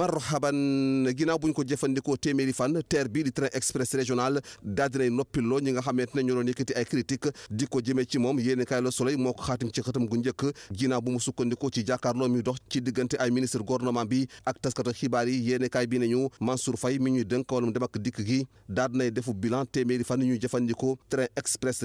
marhaban ginnaaw bu ñu ko jëfandikoo téeméeri fan TER bii di train express régional daal dinay noppiloo ñi nga xamante ne ñoo doon yëkkati ay critique di ko jëmee ci moom yéeni kaay la soleil moo ko xaatim ci xëtam gu njëkk ginnaaw bu mu sukkandikoo ci jàkkaarloo mi dox ci diggante ay ministre gouvernement bi ak taskatu xibaar yi yéeni kaay bi nañu Mansour Faye mi ñuy dënk wàllum dem ak dikk gi daal defu bilan téeméeri fan yi ñuy jëfandikoo train express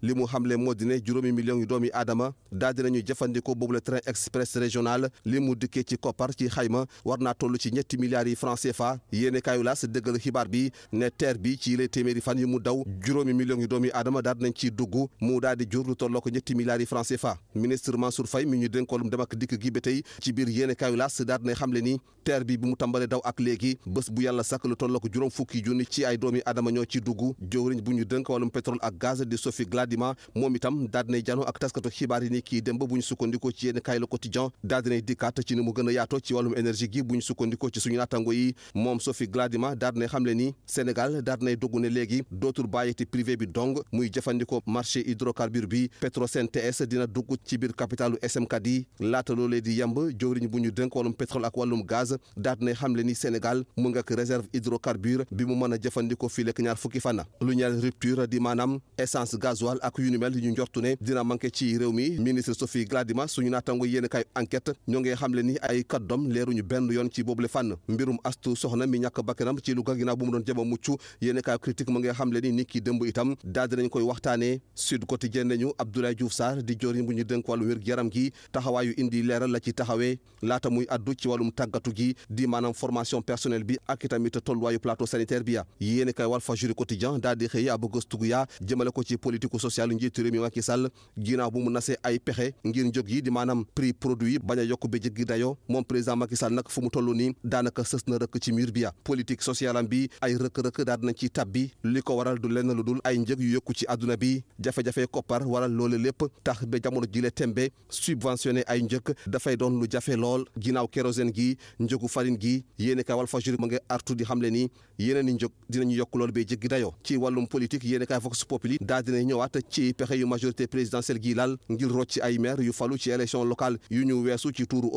li mu xamle moo di ne juróomi millions yu doomi aadama daal dinañu jëfandikoo boobu le train express régional li mu dikkee ci koppar ci xayma war na naa toll ci ñetti milliards yi franc CFA yéene kaayu laas dëggal xibaar bi ne TER bi ci yile téeméeri fan yi mu daw juróomi millions yu doomi aadama daal nañ ciy dugg mu daal di jur lu tolloo ko ñetti milliards yi franc CFA ministre Mansour Faye mi ñu dénkoolum dem ak dikk gi ba tey ci biir yéene kaayu laas daal na xamle ni TER bi bi mu tàmbalee daw ak léegi bés bu yàlla sàkk lu tolloo ko juróom fukki junni ci ay doomi aadama ñoo ci dugg jëwriñ bu ñu dënk wàllum pétrole ak gaz di Sophie Gladima moom itam daal dinay janoo ak taskatu xibaar yi ni kii dem ba bu ñu sukkandikoo ci yéene kaay Le Quotidien daal dinay dikkaat ci ni mu gën a yaatoo ci wàllum énergie gi bu ñu sukkandikoo ci suñu naatango yi moom Sophie Gladima daal di xam ni Sénégal daal di dugg ne léegi dootul bàyyiti privé bi dong muy jëfandikoo marché hydrocarbure bi Petrosen TS dina dugg ci biir capitalu SMK di yemb jëwriñ bu ñu dénk wàllum pétrole ak wàllum gaz daal di xam ni Sénégal mu ngi ak réserve bi mu mën a jëfandikoo fii lekk ñaar fukki fana lu ñeel rupture di maanaam essence gasoil ak yu ñu njortu yoon ci boobule fànn mbirum astu soxna mi ñàkk bakkanam ci Louga a mucc yéene kaay critique mu ngi xam la ci taxawee laata muy addu ci wàllum tàggatu gi di maanaam formation personnelle bi ak itamit tolluwaayu bi ya yéene kaay Walf Fadjri Quotidien daal di xëy ab gëstu ya jëmale ko ci politique sociale njiitu réew mi Macky Sall ginnaaw bu mu nasee ay pexe ngir njog di maanaam prix produit bañ a yokk ba jéggi dayo moom président Macky Sall nag fu mu mu toll nii daanaka sës na rëkk ci miir bi ya politique sociale am bi ay rëkk-rëkk daal dinañ ci tab bi li ko waral du lenn lu dul ay njëg yu yokku ci àdduna bi jafe-jafe koppar waral loolu lépp tax ba jamono jile tembe subventionné ay njëkk dafay doon lu jafe lool ginnaaw kérosène gi njëgu farine gi yéeni kaay Walfadjri ma ngi artu di xamle ni yéneen i njëg dinañu yokk lool bay jéggi dayo ci wàllum politique yéeni kaay Vox Populi daa dina ñëwaat ci pexe yu majorité présidentielle gi laal ngir rocc ay maire yu falu ci élection locale yu ñu weesu ci tuuru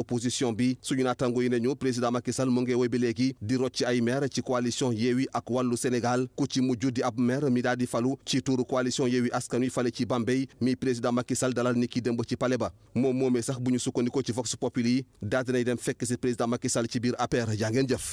bi suñu naatango yi ne ñu président Macky Sall mu ngi woy ba léegi di rocc ay maire ci coalition Yewwi ak wàllu Sénégal ku ci mujj di ab maire mi falu ci tuuru coalition Yewwi askan wi fale ci Bambey mi président Macky dalal ni ki démb ci palais moom moomee sax bu ñu ci Vox Populi yi daal dem fekk si président Macky ci biir APR yaa ngeen jëf